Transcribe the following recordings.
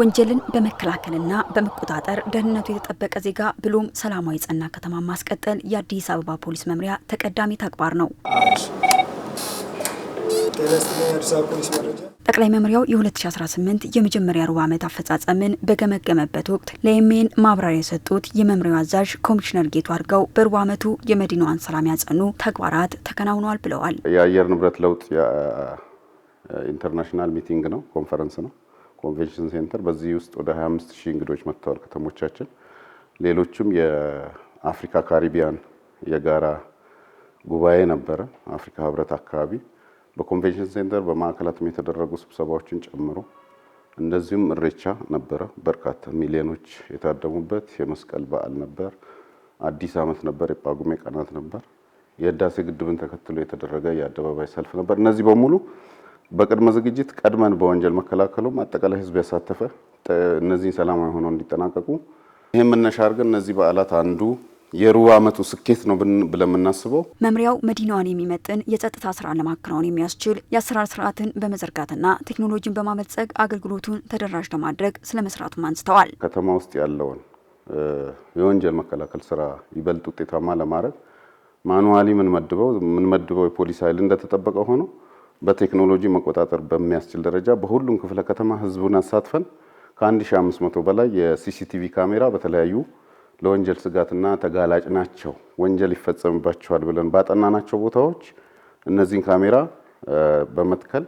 ወንጀልን በመከላከልና በመቆጣጠር ደህንነቱ የተጠበቀ ዜጋ ብሎም ሰላማዊ ጸና ከተማ ማስቀጠል የአዲስ አበባ ፖሊስ መምሪያ ተቀዳሚ ተግባር ነው። ጠቅላይ መምሪያው የ2018 የመጀመሪያ ሩብ ዓመት አፈጻጸምን በገመገመበት ወቅት ለኤሜን ማብራሪያ የሰጡት የመምሪያው አዛዥ ኮሚሽነር ጌቱ አድርገው በሩብ ዓመቱ የመዲናዋን ሰላም ያጸኑ ተግባራት ተከናውነዋል ብለዋል። የአየር ንብረት ለውጥ የኢንተርናሽናል ሚቲንግ ነው፣ ኮንፈረንስ ነው ኮንቬንሽን ሴንተር። በዚህ ውስጥ ወደ 25 ሺህ እንግዶች መጥተዋል ከተሞቻችን። ሌሎችም የአፍሪካ ካሪቢያን የጋራ ጉባኤ ነበረ አፍሪካ ህብረት አካባቢ በኮንቬንሽን ሴንተር በማዕከላትም የተደረጉ ስብሰባዎችን ጨምሮ እንደዚሁም እሬቻ ነበረ። በርካታ ሚሊዮኖች የታደሙበት የመስቀል በዓል ነበር። አዲስ ዓመት ነበር። የጳጉሜ ቀናት ነበር። የህዳሴ ግድብን ተከትሎ የተደረገ የአደባባይ ሰልፍ ነበር። እነዚህ በሙሉ በቅድመ ዝግጅት ቀድመን በወንጀል መከላከሉም አጠቃላይ ህዝብ ያሳተፈ እነዚህን ሰላማዊ ሆነው እንዲጠናቀቁ ይህም መነሻ አድርገን እነዚህ በዓላት አንዱ የሩብ ዓመቱ ስኬት ነው ብለን የምናስበው መምሪያው መዲናዋን የሚመጥን የጸጥታ ስራን ለማከናወን የሚያስችል የአሰራር ስርዓትን በመዘርጋትና ቴክኖሎጂን በማበልጸግ አገልግሎቱን ተደራሽ ለማድረግ ስለ መስራቱም አንስተዋል። ከተማ ውስጥ ያለውን የወንጀል መከላከል ስራ ይበልጥ ውጤታማ ለማድረግ ማኑዋሊ ምንመድበው የፖሊስ ኃይል እንደተጠበቀ ሆኖ በቴክኖሎጂ መቆጣጠር በሚያስችል ደረጃ በሁሉም ክፍለ ከተማ ህዝቡን አሳትፈን ከ1500 በላይ የሲሲቲቪ ካሜራ በተለያዩ ለወንጀል ስጋትና ተጋላጭ ናቸው፣ ወንጀል ይፈጸምባቸዋል ብለን ባጠናናቸው ቦታዎች እነዚህን ካሜራ በመትከል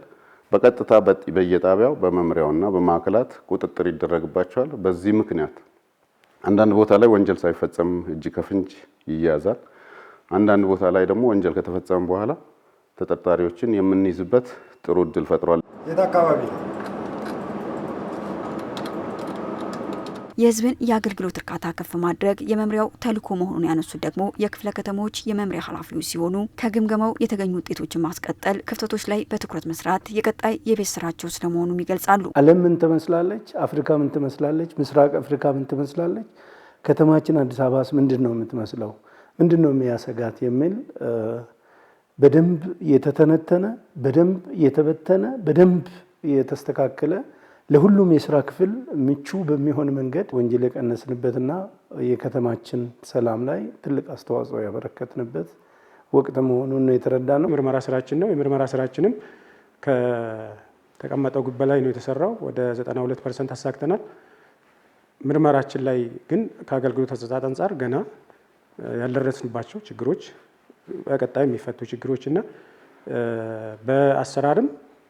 በቀጥታ በየጣቢያው በመምሪያውና በማዕከላት ቁጥጥር ይደረግባቸዋል። በዚህ ምክንያት አንዳንድ ቦታ ላይ ወንጀል ሳይፈጸም እጅ ከፍንጅ ይያዛል። አንዳንድ ቦታ ላይ ደግሞ ወንጀል ከተፈጸመ በኋላ ተጠርጣሪዎችን የምንይዝበት ጥሩ እድል ፈጥሯል። የት አካባቢ የህዝብን የአገልግሎት እርካታ ከፍ ማድረግ የመምሪያው ተልዕኮ መሆኑን ያነሱት ደግሞ የክፍለ ከተሞች የመምሪያ ኃላፊዎች ሲሆኑ ከግምገማው የተገኙ ውጤቶችን ማስቀጠል፣ ክፍተቶች ላይ በትኩረት መስራት የቀጣይ የቤት ስራቸው ስለመሆኑም ይገልጻሉ። ዓለም ምን ትመስላለች? አፍሪካ ምን ትመስላለች? ምስራቅ አፍሪካ ምን ትመስላለች? ከተማችን አዲስ አበባስ ምንድን ነው የምትመስለው? ምንድን ነው የሚያሰጋት የሚል በደንብ የተተነተነ በደንብ የተበተነ በደንብ የተስተካከለ ለሁሉም የስራ ክፍል ምቹ በሚሆን መንገድ ወንጀል የቀነስንበትና የከተማችን ሰላም ላይ ትልቅ አስተዋጽኦ ያበረከትንበት ወቅት መሆኑን ነው የተረዳ ነው። የምርመራ ስራችን ነው። የምርመራ ስራችንም ከተቀመጠው ግብ በላይ ነው የተሰራው። ወደ 92 ፐርሰንት አሳክተናል። ምርመራችን ላይ ግን ከአገልግሎት አሰጣጥ አንጻር ገና ያልደረስንባቸው ችግሮች በቀጣይ የሚፈቱ ችግሮች እና በአሰራርም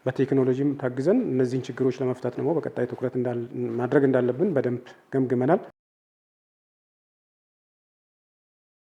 በቴክኖሎጂም ታግዘን እነዚህን ችግሮች ለመፍታት ደግሞ በቀጣይ ትኩረት ማድረግ እንዳለብን በደንብ ገምግመናል።